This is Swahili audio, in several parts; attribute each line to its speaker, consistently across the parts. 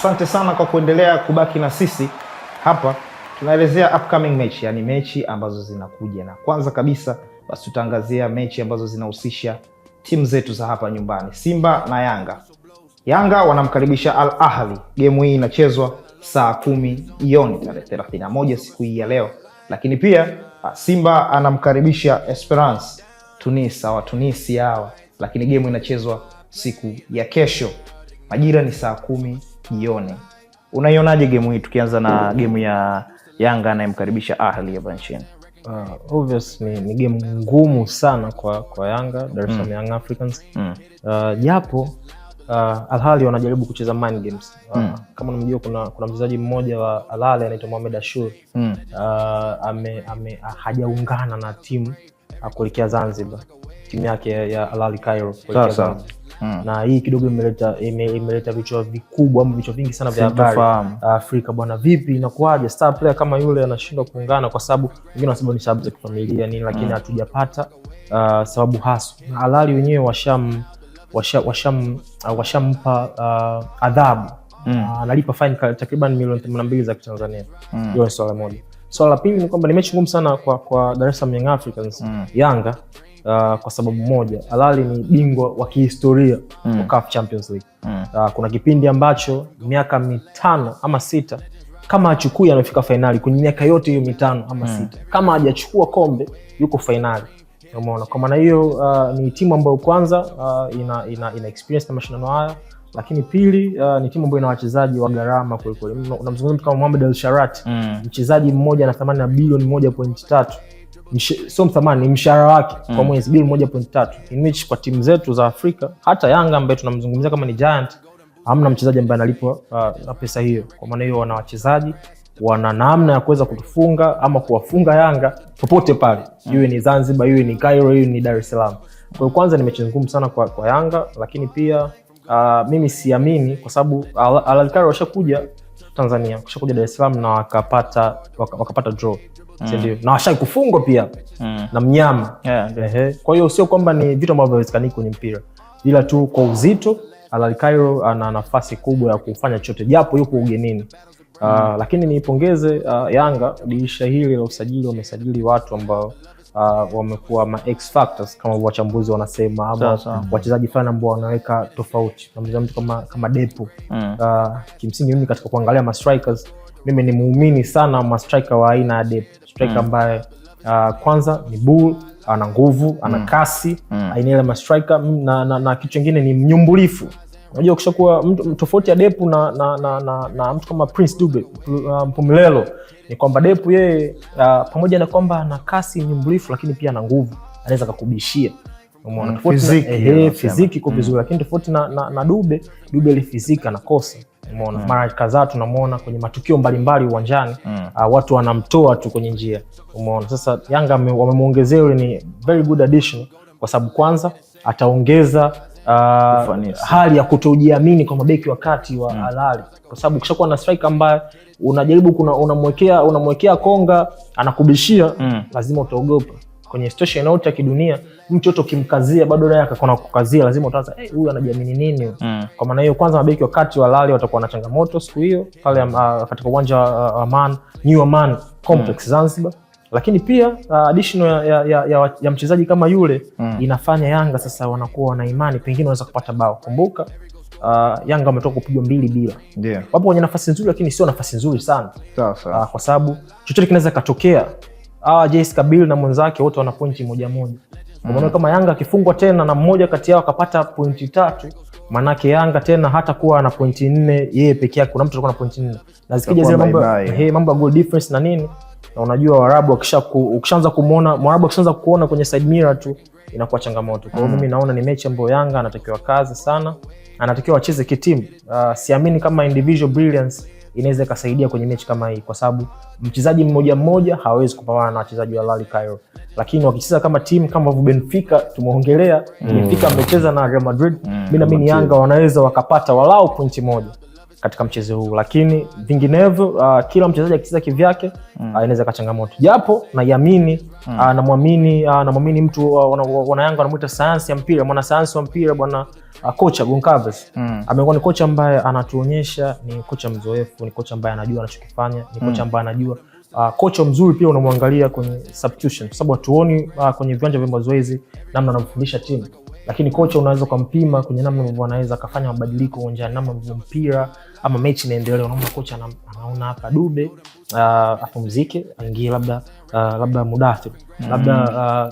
Speaker 1: asante sana kwa kuendelea kubaki na sisi hapa. Tunaelezea upcoming match, yani mechi ambazo zinakuja, na kwanza kabisa basi tutaangazia mechi ambazo zinahusisha timu zetu za hapa nyumbani, Simba na Yanga. Yanga wanamkaribisha Al Ahli. Gemu hii inachezwa saa kumi jioni tarehe 31 siku hii ya leo, lakini pia ah, Simba anamkaribisha Esperance Tunis, hawa Tunisia hawa, lakini gemu inachezwa siku ya kesho, majira ni saa kumi tuione. Unaionaje gemu hii, tukianza na gemu ya Yanga anayemkaribisha Ahli hapa nchini?
Speaker 2: Uh, obvious ni, ni game ngumu sana kwa kwa Yanga Dar es Salaam mm. Young Africans japo mm. uh, uh, Alhali wanajaribu kucheza mind games uh, mm. kama unamjua kuna, kuna mchezaji mmoja wa Alhali anaitwa Mohamed Ashur mm. uh, hajaungana na timu kuelekea Zanzibar timu yake ya Al Ahly Cairo Hmm. na hii kidogo imeleta imeleta vichwa vikubwa ama vichwa vingi sana vya habari Afrika bwana, vipi inakuwaje star player kama yule anashindwa kuungana? Kwa sababu wengine wanasema ni sababu za kifamilia nini, lakini hmm. hatujapata uh, sababu hasa. Na Alali wenyewe washam washam, uh, washampa uh, adhabu hmm. uh, analipa fine takriban milioni 82 za Kitanzania. Hmm. Hiyo ni swala moja. Swala la pili ni kwamba ni mechi ngumu sana kwa, kwa Dar es Salaam Young Africans hmm. Yanga uh, kwa sababu moja, Al Ahly ni bingwa wa kihistoria mm. wa CAF Champions League mm. uh, kuna kipindi ambacho miaka mitano ama sita kama achukui anafika fainali kwenye miaka yote hiyo mitano ama mm. sita, kama hajachukua kombe yuko fainali. Umeona, kwa maana hiyo uh, ni timu ambayo kwanza uh, ina, ina, ina experience na mashindano haya, lakini pili uh, ni timu ambayo ina wachezaji wa gharama kwelikweli. Unamzungumza mtu kama Mohamed Elsharati mm. mchezaji mmoja ana thamani ya bilioni moja pointi tatu sio mthamani, ni mshahara wake mm. kwa mwezi bili moja point tatu in which kwa timu zetu za Afrika hata Yanga ambaye tunamzungumzia kama ni giant, hamna mchezaji ambaye analipwa uh, pesa hiyo. Kwa maana hiyo wana wachezaji wana namna ya kuweza kutufunga ama kuwafunga Yanga popote pale, mm. iwe ni Zanzibar, iwe ni Cairo, iwe ni Dar es Salaam. Kwa hiyo kwanza ni mechi ngumu sana kwa, kwa Yanga, lakini pia uh, mimi siamini kwa sababu Al Ahly washakuja Tanzania, washakuja Dar es Salaam na wakapata, wakapata draw sindio? mm. na washai kufungwa pia mm. na mnyama yeah, okay. kwa hiyo sio kwamba ni vitu ambavyo haiwezekani kwenye mpira, ila tu kwa uzito alalikairo ana nafasi kubwa ya kufanya chochote japo yuko ugenini. Uh, mm. lakini niipongeze uh, Yanga dirisha hili la usajili, wamesajili watu ambao uh, wamekuwa ma factors kama wachambuzi wanasema, ama mm. wachezaji fulani ambao wanaweka tofauti na mtu kama, kama Depo mm. uh, kimsingi mimi katika kuangalia ma mimi ni muumini sana ma wa aina ya Depo striker mm. ambaye uh, kwanza ni bull, ana nguvu, ana mm. kasi mm. aina ile mastriker mm, na, na, na kitu kingine ni mnyumbulifu. Unajua ukishakuwa tofauti ya Depu na, na, na, na, na mtu kama Prince Dube uh, mpumlelo ni kwamba Depu yeye uh, pamoja na kwamba ana kasi nyumbulifu, lakini pia ana nguvu, anaweza kakubishia umeona, fiziki iko vizuri, lakini tofauti na, na, na Dube, Dube ile fiziki anakosa umeona mm. mara kadhaa tunamwona kwenye matukio mbalimbali uwanjani mm. uh, watu wanamtoa tu kwenye njia, umeona. Sasa Yanga wamemwongezea yule, ni very good addition kwa sababu kwanza ataongeza Uh, hali ya kutojiamini kwa mabeki wakati wa mm. Alali kwa sababu ukishakuwa na strike ambaye unajaribu unamwekea unamwekea konga anakubishia mm. lazima utaogopa kwenye situation yote ya kidunia, mtoto kimkazia bado naye akakona kukazia, lazima utaanza eh, huyu anajiamini nini? mm. Kwa maana hiyo, kwanza mabeki wakati wa lali watakuwa na changamoto siku hiyo pale uh, katika uwanja wa uh, uh, Aman New Aman Complex mm. Zanzibar, lakini pia uh, additional ya, ya, ya, ya ya mchezaji kama yule mm. inafanya Yanga sasa wanakuwa wana imani pengine wanaweza kupata bao. Kumbuka Uh, Yanga wametoka kupigwa mbili bila, yeah. Wapo kwenye nafasi nzuri, lakini sio nafasi nzuri sana uh, kwa sababu chochote kinaweza katokea hawa JS Kabil na mwenzake wote wana pointi moja moja. Kwa maana mm. kama Yanga akifungwa tena na mmoja kati yao akapata pointi tatu, maanake Yanga tena hata kuwa na pointi nne yeye peke yake, kuna mtu atakuwa na pointi nne na zikija zile mambo ehe, mambo ya goal difference na nini, na unajua Waarabu akisha ukishaanza kumuona Mwarabu akishaanza kuona kwenye side mirror tu inakuwa changamoto. Kwa hiyo mm. mimi naona ni mechi ambayo Yanga anatakiwa kazi sana, anatakiwa wacheze kitimu. Uh, siamini kama individual brilliance inaweza ikasaidia kwenye mechi kama hii, kwa sababu mchezaji mmoja mmoja hawezi kupambana na wachezaji wa Lali Cairo, lakini wakicheza kama timu kama ambavyo Benfica tumeongelea, mm. Benfica amecheza na Real Madrid mm. mi naamini Yanga wanaweza wakapata walau pointi moja katika mchezo huu, lakini vinginevyo uh, kila mchezaji akicheza kivyake mm. uh, inaweza kachangamoto, japo naiamini mm. uh, namwamini uh, namwamini mtu uh, wana, wana Yanga wanamuita sayansi ya mpira, mwana sayansi wa mpira bwana uh, kocha Goncalves mm. amekuwa ni kocha ambaye anatuonyesha ni kocha mzoefu, ni kocha ambaye anajua anachokifanya, ni kocha mm. ambaye anajua Uh, kocha mzuri pia unamwangalia kwenye substitution, kwa sababu hatuoni uh, kwenye viwanja vya mazoezi namna anamfundisha timu lakini kocha unaweza ukampima kwenye namna ambavyo anaweza akafanya mabadiliko uwanjani, namna ambavyo mpira ama mechi inaendelea. Unaona kocha anaona hapa Dube uh, apumzike, aingie labda uh, labda Mudathir mm. labda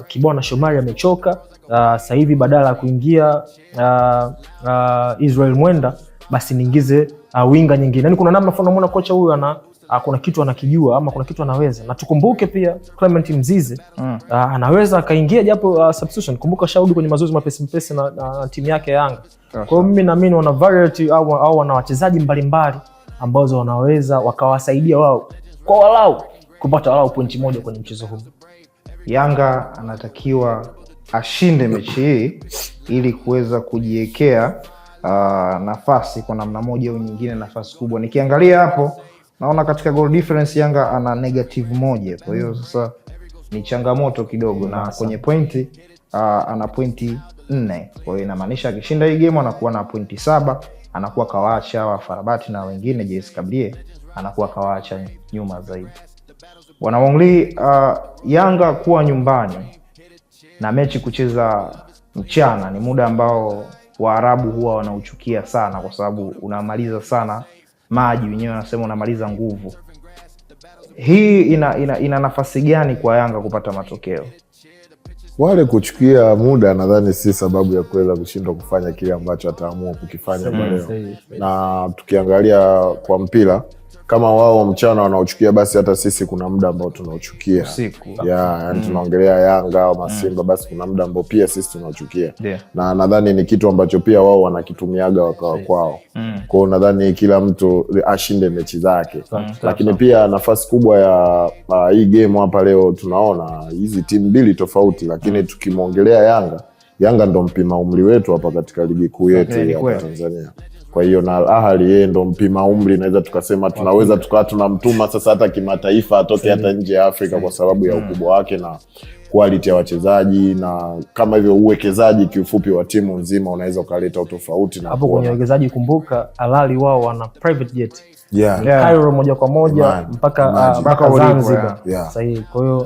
Speaker 2: uh, Kibwana Shomari amechoka uh, sasa hivi badala ya kuingia uh, uh, Israel Mwenda basi niingize uh, winga nyingine. Yani kuna namna fulani unaona kocha huyu ana Ah, kuna kitu anakijua ama kuna kitu anaweza, na tukumbuke pia Clement Mzize mm. uh, anaweza akaingia japo uh, substitution. Kumbuka shaudi kwenye mazoezi mapesi mpesi na, na timu yake Yanga. Kwa hiyo mimi naamini wana variety au, au wana wachezaji mbalimbali ambazo wanaweza wakawasaidia wao kwa walau kupata walau pointi moja kwenye mchezo huu.
Speaker 1: Yanga anatakiwa ashinde mechi hii ili kuweza kujiwekea uh, nafasi kwa namna moja au nyingine, nafasi kubwa. Nikiangalia hapo naona katika goal difference Yanga ana negative moja, kwa hiyo sasa ni changamoto kidogo, na kwenye pointi uh, ah, ana pointi nne, kwa hiyo inamaanisha akishinda hii game anakuwa na pointi saba, anakuwa kawaacha wa Farabati na wengine JS Kabylie anakuwa kawaacha nyuma zaidi. Bwana Wongli, uh, ah, Yanga kuwa nyumbani na mechi kucheza mchana ni muda ambao Waarabu huwa wanauchukia sana, kwa sababu unamaliza sana maji wenyewe anasema unamaliza nguvu. Hii ina, ina, ina nafasi gani kwa Yanga kupata matokeo?
Speaker 3: Wale kuchukia muda nadhani si sababu ya kuweza kushindwa kufanya kile ambacho ataamua kukifanya mm. leo, na tukiangalia kwa mpira kama wao mchana wanaochukia, basi hata sisi kuna muda ambao tunaochukia usiku. Yeah, yani mm. tunaongelea Yanga au Masimba mm. basi kuna muda ambao pia sisi tunaochukia yeah. na nadhani ni kitu ambacho pia wao wanakitumiaga wakawa kwao mm. kwao. Nadhani kila mtu ashinde mechi zake mm. lakini pia nafasi kubwa ya uh, hii game hapa leo tunaona hizi timu mbili tofauti, lakini mm. tukimwongelea Yanga Yanga ndo mpima umri wetu hapa katika ligi kuu yetu okay, ya Tanzania. Kwa hiyo na Ahali yeye ndo mpima umri, naweza tukasema tunaweza tukawa tunamtuma sasa hata kimataifa, atoke hata nje ya Afrika kwa sababu ya mm. ukubwa wake na quality ya wachezaji na kama hivyo uwekezaji kiufupi wa timu nzima unaweza ukaleta utofauti. Na
Speaker 2: hapo kwenye uwekezaji, kumbuka alali wao wana private jet yeah. Yaani yeah. Cairo moja kwa moja ah, mpaka mpaka Zanzibar sahihi, kwa hiyo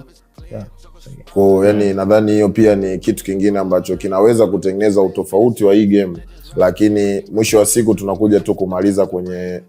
Speaker 3: yani nadhani hiyo pia ni kitu kingine ambacho kinaweza kutengeneza utofauti wa hii game lakini mwisho wa siku tunakuja tu kumaliza kwenye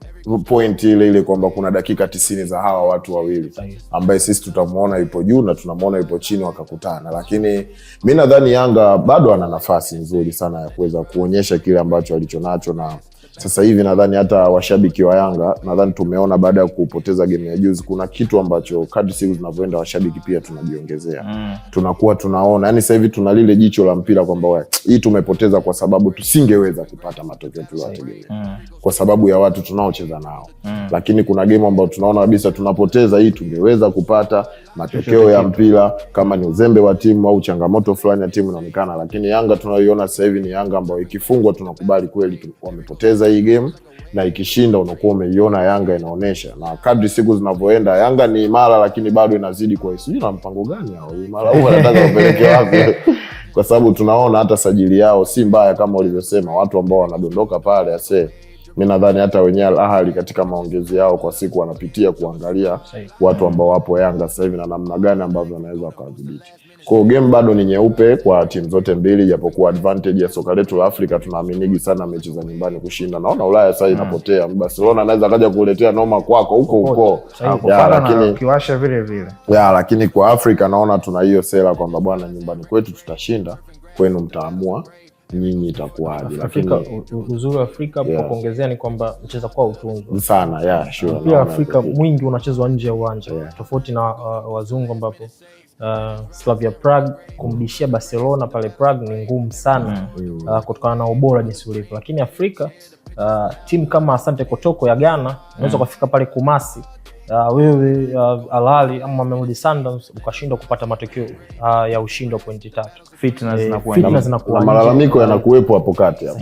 Speaker 3: pointi ile ile kwamba kuna dakika tisini za hawa watu wawili ambaye sisi tutamwona yupo juu na tunamwona yupo chini wakakutana, lakini mi nadhani Yanga bado ana nafasi nzuri sana ya kuweza kuonyesha kile ambacho alichonacho na sasa hivi nadhani hata washabiki wa Yanga nadhani tumeona baada ya kupoteza game ya juzi, kuna kitu ambacho kadri siku zinavyoenda washabiki pia tunajiongezea mm. tunakuwa tunaona, yani sasa hivi tuna lile jicho la mpira kwamba hii tumepoteza kwa sababu tusingeweza kupata matokeo tuliyotegemea mm. kwa sababu ya watu tunaocheza nao mm. lakini kuna game ambayo tunaona kabisa tunapoteza, hii tungeweza kupata matokeo ya mpira, kama ni uzembe wa timu au changamoto fulani ya timu inaonekana. Lakini Yanga tunayoiona sasa hivi ni Yanga ambayo ikifungwa tunakubali kweli wamepoteza hii game, na ikishinda unakuwa umeiona Yanga inaonesha, na kadri siku zinavyoenda Yanga ni imara, lakini bado inazidi kwa sijui na mpango gani hao imara huu wanataka wapeleke wapi? kwa sababu tunaona hata sajili yao si mbaya kama ulivyosema, watu ambao wanadondoka pale asee mi nadhani hata wenyewe Al katika maongezi yao kwa siku wanapitia kuangalia watu ambao wapo Yanga sasa hivi na namna gani ambavyo wanaweza wakawadhibiti. Kwa hiyo game bado ni nyeupe kwa timu zote mbili, japokuwa advantage ya soka letu la Afrika tunaaminigi sana mechi za nyumbani kushinda. Naona Ulaya sasa inapotea, Barcelona anaweza akaja kuletea noma kwako huko huko,
Speaker 2: lakini kiwasha vile vile
Speaker 3: ya, lakini kwa Afrika naona tuna hiyo sera kwamba bwana, nyumbani kwetu tutashinda, kwenu mtaamua nyinyi itakuwaje?
Speaker 2: Lakini uzuri wa Afrika hapo Kuongezea ni kwamba mcheza kwa utunzwe
Speaker 3: sana yeah, sure,
Speaker 2: pia Afrika mwingi unachezwa nje ya uwanja yeah. Tofauti na uh, wazungu ambapo uh, Slavia Prague kumdishia Barcelona pale Prague ni ngumu sana mm. uh, kutokana na ubora jinsi ulivyo, lakini Afrika uh, timu kama Asante Kotoko ya Ghana unaweza mm. kufika pale Kumasi uh, wewe uh, ah, Alali ama Mamelodi Sundowns ukashindwa kupata matokeo uh, ya ushindi wa pointi tatu,
Speaker 1: eh,
Speaker 3: malalamiko yanakuwepo hapo kati hapo,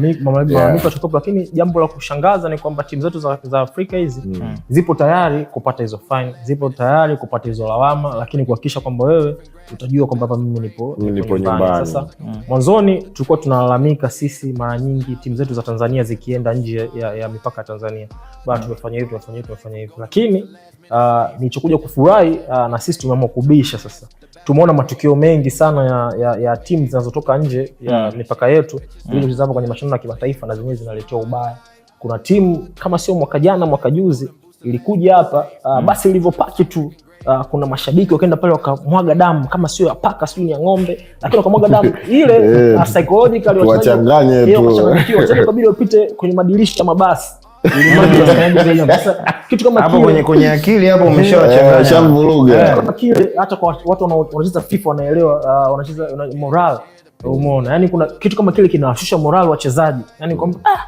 Speaker 2: eh, malalamiko yatakuwepo, lakini jambo la kushangaza ni kwamba timu zetu za, za Afrika hizi mm. zipo tayari kupata hizo fine, zipo tayari kupata hizo lawama, lakini kuhakikisha kwamba wewe utajua kwamba hapa mimi nipo nipo nyumbani. Sasa mm. mwanzoni tulikuwa tunalalamika sisi mara nyingi timu zetu za Tanzania zikienda nje ya, ya ya mipaka ya Tanzania, bado mm. tumefanya hivi tumefanya hivi tumefanya hivi lakini mimi uh, nilichokuja kufurahi uh, na sisi tumeamua kubisha sasa. Tumeona matukio mengi sana ya, ya, ya timu zinazotoka nje ya hmm. mipaka yetu hmm. zilizozama mm. kwenye mashindano ya kimataifa na zenyewe zinaletea ubaya. Kuna timu kama sio mwaka jana mwaka juzi ilikuja hapa uh, mm. basi ilivyopaki tu Uh, kuna mashabiki wakaenda pale wakamwaga damu kama sio ya paka sio ni ya ng'ombe, lakini wakamwaga damu eh, ile yeah. Uh, psychological
Speaker 3: wachanganye tu eh, wachanganye,
Speaker 2: ikabidi wapite kwenye madirisha mabasi kitu kama hapo kwenye kwenye akili hapo eh,
Speaker 3: umeshawachanganya,
Speaker 2: hata kwa watu wanacheza FIFA wanaelewa, uh, wanacheza moral. Umeona, yani kuna kitu kama kile kinawashusha moral wachezaji, yani kwamba ah,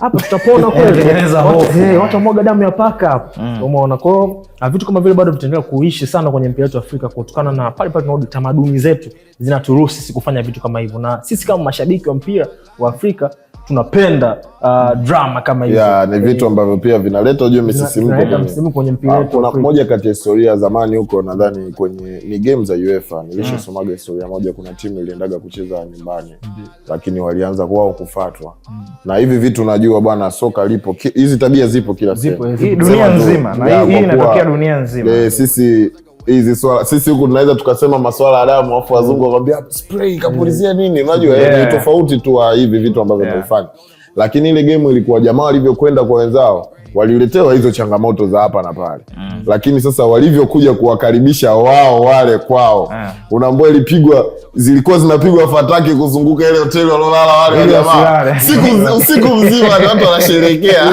Speaker 2: hapa tutapona kweli, eh, watu wamwaga damu ya paka hapo. Mm. Umeona, kwa hiyo vitu kama vile bado vitaendelea kuishi sana kwenye mpira wetu wa Afrika kutokana na pale pale tunarudi, tamaduni zetu zinaturuhusu sisi kufanya vitu kama hivyo, na sisi kama mashabiki wa mpira wa Afrika tunapenda uh, drama kama hizo
Speaker 3: yeah, ni vitu eh, ambavyo pia vinaleta ujue misisimko kwenye mpira ah, wetu. Kuna moja kati ya historia zamani huko, nadhani kwenye ni game za UEFA nilishasomaga mm. historia moja, kuna timu iliendaga kucheza nyumbani mm. lakini walianza wao kufatwa mm. na hivi vitu najua bwana, soka lipo hizi tabia zipo kila sehemu
Speaker 1: dunia nzima, na hii inatokea dunia nzima. Eh,
Speaker 3: sisi hizi swala sisi huku tunaweza tukasema maswala ya damu, afu wazungu mm. wakwambia ah, spray kapulizia mm. nini, unajua yeah. Ni tofauti tu hivi vitu ambavyo yeah. tunafanya lakini ile game ilikuwa jamaa walivyokwenda kwa wenzao waliletewa hizo changamoto za hapa na pale mm. Lakini sasa walivyokuja kuwakaribisha wao wale kwao mm. Unaambua ilipigwa zilikuwa zinapigwa fataki kuzunguka ile hoteli walolala wale jamaa siku usiku mzima watu wanasherekea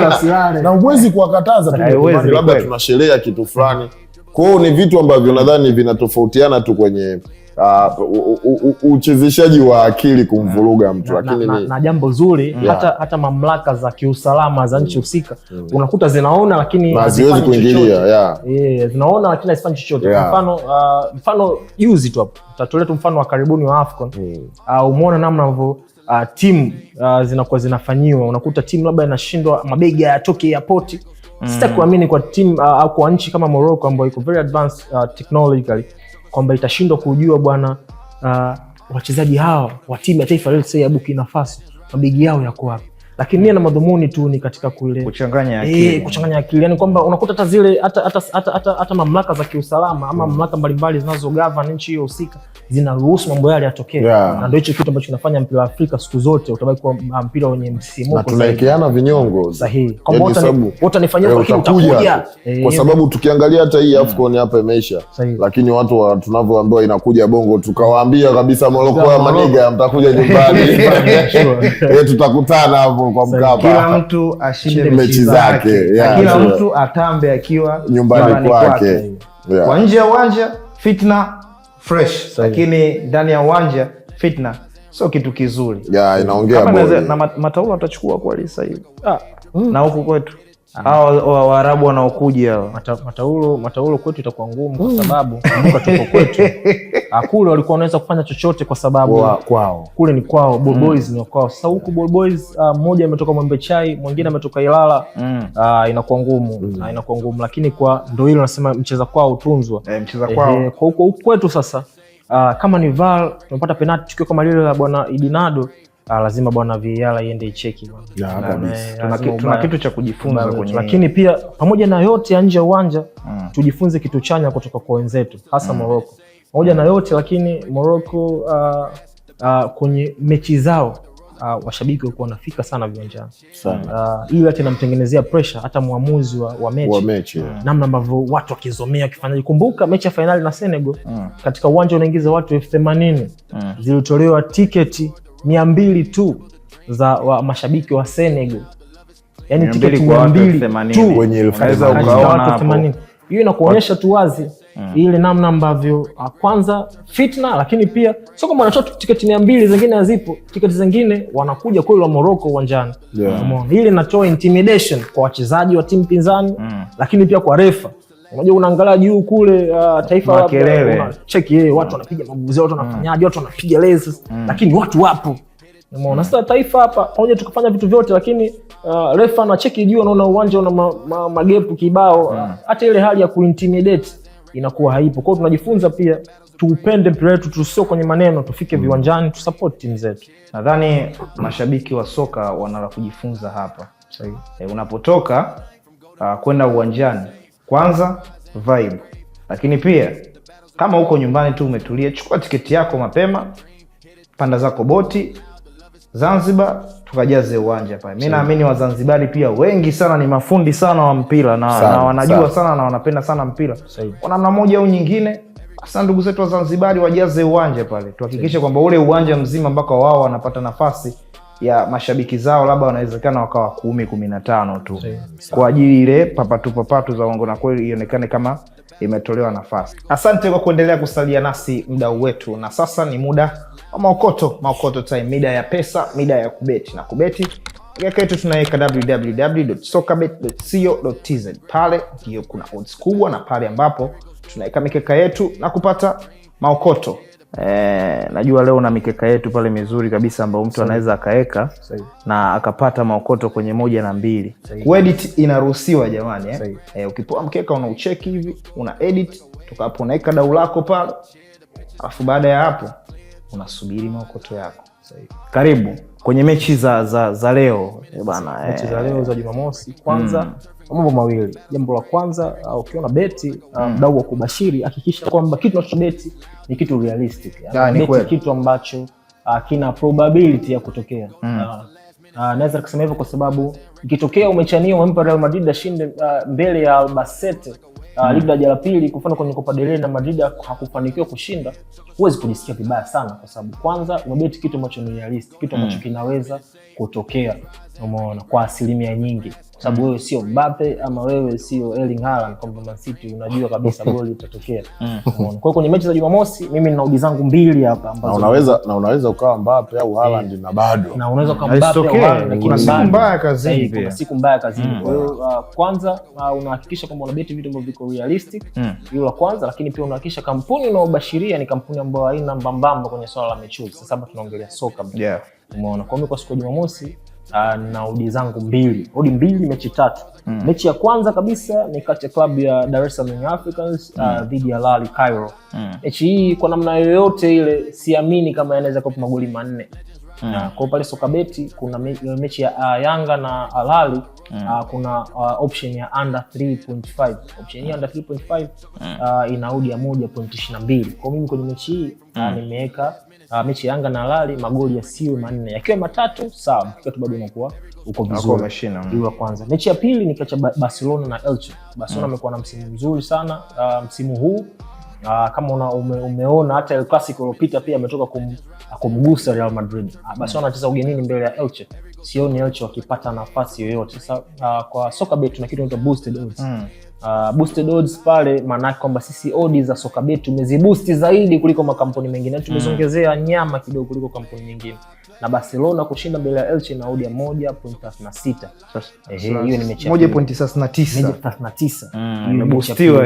Speaker 3: na uwezi kuwakataza, labda tunasherea kitu fulani Kwao ni vitu ambavyo nadhani vinatofautiana tu kwenye ah, uh, uchezeshaji wa akili kumvuruga mtu na, lakini
Speaker 2: na, ni... na jambo zuri yeah. Hata, hata mamlaka za kiusalama za nchi husika mm. mm. unakuta zinaona lakini
Speaker 3: haziwezi kuingilia eh,
Speaker 2: zinaona lakini hazifanyi chochote yeah. Mfano uh, mfano juzi tu hapo tatolea tu mfano wa karibuni wa Afcon mm. uh, umeona namna ambavyo Uh, timu uh, zinakuwa zinafanyiwa, unakuta timu labda inashindwa, mabegi hayatoki yapoti, Mm. Sita kuamini kwa tim uh, kwa nchi kama Morocco ambayo iko very advanced uh, technologically kwamba itashindwa kujua bwana uh, wachezaji hawa wa timu ya taifa leo ya Burkina Faso mabigi yao yako wapi lakini nia na madhumuni tu ni katika kule
Speaker 1: kuchanganya eh, akili, e,
Speaker 2: kuchanganya akili yani kwamba unakuta hata zile hata hata, mamlaka za kiusalama ama mm. mamlaka mbalimbali zinazogovern nchi hiyo husika zinaruhusu mambo yale yatokee, yeah. Na ndio hicho kitu ambacho kinafanya mpira wa Afrika siku zote utabaki kuwa ah, mpira wenye msimuko, na
Speaker 3: tunaikiana vinyongo sahihi,
Speaker 2: kwamba wote nifanyia kwa
Speaker 3: kitu utakuja, eh, kwa sababu tukiangalia hata hii mm. AFCON hapa imeisha, lakini watu wa, tunavyoambiwa inakuja Bongo tukawaambia kabisa Moroko ya manega mtakuja nyumbani, eh, tutakutana hapo yako kwa Mkapa, kila
Speaker 1: mtu ashinde mechi zake, kila mtu atambe akiwa
Speaker 3: nyumbani kwake.
Speaker 1: Kwa nje ya uwanja fitna fresh, mm. lakini ndani ya uwanja fitna sio kitu kizuri. Yeah,
Speaker 2: inaongea na mataulo atachukua kwa lisa hivi ah. mm. na huku kwetu hawa Waarabu wanaokuja mata, mataulo mataulo kwetu itakuwa ngumu kwa mm. sababu kumbuka tuko kwetu. Kule walikuwa wanaweza kufanya chochote kwa sababu Wa, kwao kule ni kwao ball mm. boys mm. ni kwao. Sasa huku ball boys ah, mmoja uh, ametoka Mwembe Chai, mwingine ametoka Ilala mm. uh, inakuwa ngumu mm. uh, inakuwa ngumu, lakini kwa ndio hilo nasema mcheza kwao utunzwa eh, mcheza kwao eh, kwa huko kwetu sasa uh, kama ni Val tumepata penalti tukio kama lile la bwana Idinado uh, lazima bwana VAR iende icheki
Speaker 1: bwana. Tuna kitu cha kujifunza kwenye,
Speaker 2: lakini pia pamoja na yote ya nje ya uwanja mm. tujifunze kitu chanya kutoka kwa wenzetu hasa mm. Morocco pamoja mm. na yote lakini Morocco uh, uh, kwenye mechi zao Uh, washabiki walikuwa wanafika sana viwanjani hiyo uh, hata inamtengenezea pressure hata mwamuzi wa, wa mechi, wa mechi yeah. Namna ambavyo watu wakizomea wakifanyaje. Kumbuka mechi ya fainali na Senegal mm. katika uwanja unaingiza watu elfu themanini mm. zilitolewa tiketi mia mbili tu za wa mashabiki wa Senegal, yani tiketi mia mbili tu kwa watu themanini. Hiyo inakuonyesha tu wazi mm. ile namna ambavyo ah, kwanza fitna, lakini pia sio kama wanatoa tiketi mia mbili zingine hazipo, tiketi zingine wanakuja kweli wa Morocco uwanjani yeah. Umeona, ile inatoa intimidation kwa wachezaji wa timu pinzani mm. lakini pia kwa refa Unajua unaangalia juu kule uh, taifa wapi unacheki yeye watu wanapiga mm. mabuzi, watu wanafanyaje, mm. watu wanapiga lezi, mm. lakini watu wapo. Umeona sasa taifa hapa pamoja tukafanya vitu vyote lakini uh, refa na cheki juu anaona uwanja una magepu ma, ma, ma kibao mm. hata ile hali ya kuintimidate inakuwa haipo. kwao tunajifunza pia tuupende mpira wetu, tusio kwenye maneno, tufike mm. viwanjani, tusupport timu zetu.
Speaker 1: Nadhani mashabiki wa soka wanala kujifunza hapa. Sahihi. Eh, unapotoka uh, kwenda uwanjani kwanza vibe, lakini pia kama uko nyumbani tu umetulia, chukua tiketi yako mapema, panda zako boti Zanzibar, tukajaze uwanja pale. Mi naamini Wazanzibari pia wengi sana ni mafundi sana wa mpira na, sana, na wanajua sana, sana na wanapenda sana mpira kwa namna moja au nyingine. Sasa ndugu zetu Wazanzibari wajaze uwanja pale, tuhakikishe kwamba ule uwanja mzima mpaka wao wanapata nafasi ya mashabiki zao labda wanawezekana wakawa kumi kumi na tano tu kwa ajili ile papatu papatu za uongo na kweli ionekane kama imetolewa nafasi. Asante kwa kuendelea kusalia nasi mdau wetu, na sasa ni muda wa maokoto. Maokoto time, mida ya pesa, mida ya kubeti na kubeti miaka yetu tunaweka www.sokabet.co.tz. Pale ndio kuna odds kubwa na pale ambapo tunaweka mikeka yetu na kupata maokoto. Eh, najua leo na mikeka yetu pale mizuri kabisa ambayo mtu anaweza akaweka na akapata maokoto kwenye moja na mbili. Kuedit inaruhusiwa jamani eh? Eh, ukipoa mkeka unaucheki hivi una edit toka hapo unaweka dau lako pale, alafu baada ya hapo unasubiri maokoto yako. Karibu kwenye mechi za za, za leo
Speaker 2: bana, mechi za eh. leo za Jumamosi kwanza mm. Mambo mawili. Jambo la kwanza, uh, ukiona beti mdau uh, mm. wa kubashiri, hakikisha kwamba kitu beti ni kitu realistic, beti kitu ambacho uh, kina probability ya kutokea mm. uh, Uh, naweza kusema hivyo kwa sababu ikitokea umechania umempa Real Madrid ashinde uh, mbele ya Albacete uh, mm. Liga la pili kwa mfano kwenye Copa del Rey na Madrid hakufanikiwa kushinda, huwezi kujisikia vibaya sana, kwa sababu kwanza umebeti kitu ambacho ni realistic, kitu ambacho mm. kinaweza kutokea umeona, kwa asilimia nyingi, kwa sababu wewe sio Mbappe ama wewe sio Erling Haaland kwamba Man City unajua kabisa goli itatokea. Mm. Kwa hiyo kwenye mechi za Jumamosi mimi nina udi zangu mbili hapa
Speaker 3: ambazo na unaweza na unaweza ukawa Mbappe au Haaland eh. na bado
Speaker 2: na unaweza ukawa Mbappe au Haaland,
Speaker 1: lakini siku mbaya kazini,
Speaker 2: kuna siku mbaya kazini. Kwa hiyo uh, kwanza uh, unahakikisha kwamba unabeti vitu ambavyo viko realistic, mm. hiyo la kwanza, lakini pia unahakikisha kampuni unaobashiria ni kampuni ambayo haina mbambamba kwenye swala la mechi. Sasa hapa tunaongelea soka, umeona. Kwa hiyo kwa siku ya Jumamosi uh, na hodi zangu mbili, hodi mbili, mechi tatu mm. mechi ya kwanza kabisa ni kati ya klabu ya Dar es Salaam Young Africans uh, mm. dhidi mm. uh, ya Al Ahly Cairo mm. mechi hii kwa namna yoyote ile siamini kama yanaweza kuwepo magoli manne mm. uh, kwa pale soka beti kuna me, mechi ya uh, Yanga na Al Ahly mm. uh, kuna uh, option ya under 3.5 option hii mm. under 3.5 mm. uh, ina hodi ya 1.22 kwa mimi kwenye mechi hii uh, mm. uh, nimeweka uh, mechi Yanga na Lali magoli yasiwe manne, yakiwa matatu sawa, tu bado unakuwa uko vizuri. Hiyo mm. kwanza. Mechi ya pili ni kati ya Barcelona na Elche. Barcelona mm. amekuwa mm. na msimu mzuri sana uh, msimu huu Uh, kama una ume, umeona hata El Clasico iliyopita pia ametoka kum, kumgusa Real Madrid. Uh, mm. basi wanacheza ugenini mbele ya Elche, sioni Elche wakipata nafasi yoyote. Sasa uh, kwa soka bet tuna kitu kinaitwa boosted odds mm. Uh, boosted odds pale, maanake kwamba sisi odds za soka betu tumezibusti zaidi kuliko makampuni mengine, yaani tumezongezea mm. nyama kidogo kuliko kampuni nyingine na Barcelona kushinda mbele ya Elche na odi ya moja hiyo ni mechi
Speaker 1: moja point thelathini na tisa imebustiwa.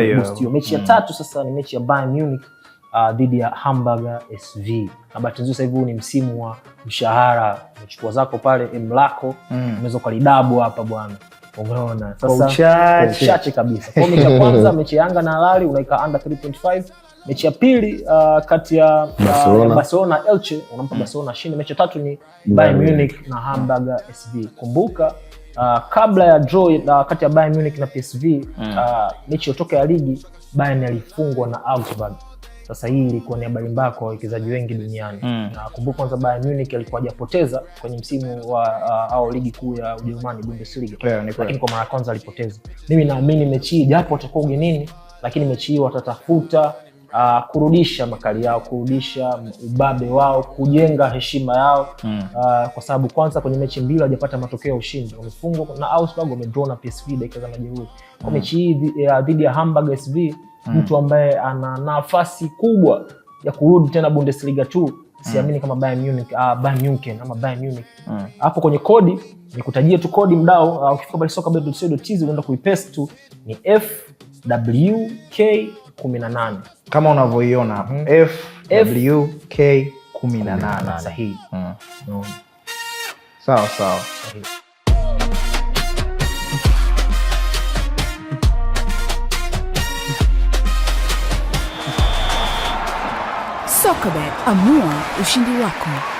Speaker 2: Mechi ya tatu sasa ni mechi ya Bayern Munich uh, dhidi ya Hamburg SV na bahati nzuri sasa hivi ni msimu wa mshahara, umechukua zako pale mlako mm. unaweza ukalidabu hapa bwana. Umeona sasa,
Speaker 1: uchache uchache kabisa.
Speaker 2: Kwa mechi ya kwanza mechi ya Yanga na Halali unaika under 3.5. Mechi ya pili uh, kati ya Barcelona, uh, Barcelona Elche unampa Barcelona shini Mechi ya tatu ni Bayern Munich na hamburg SV. Kumbuka uh, kabla ya draw uh, kati ya Bayern Munich na PSV mm. uh, mechi yotoka ya ligi Bayern alifungwa na Augsburg sasa hii ilikuwa ni habari mbaya kwa wawekezaji wengi duniani mm. na kumbuka kwanza Bayern Munich alikuwa hajapoteza kwenye msimu wa uh, au ligi kuu ya Ujerumani Bundesliga yeah, lakini kwa mara ya kwanza alipoteza. Mimi naamini mechi hii japo watakuwa ugenini, lakini mechi hii watatafuta Uh, kurudisha makali yao, kurudisha ubabe wao, kujenga heshima yao mm. Uh, kwa sababu kwanza kwenye mechi mbili hawajapata matokeo ya ushindi, wamefungwa na Augsburg, wamedraw na PSV dakika za majeruhi. Kwa hmm. mechi hii uh, dhidi ya Hamburg SV mm. mtu ambaye ana nafasi kubwa ya kurudi tena Bundesliga tu siamini mm. kama Bayern Munich, ah, Bayern Munchen, ama Bayern Munich mm. hapo mm. kwenye kodi ni kutajia tu kodi mdao, ah, ukifika pale soka.co.tz unaenda kuipaste tu ni FWK 18
Speaker 1: kama unavyoiona mm -hmm. FWK 18 sahihi. Mm. Sawa sawa. Sahihi. Sokabet, amua ushindi wako.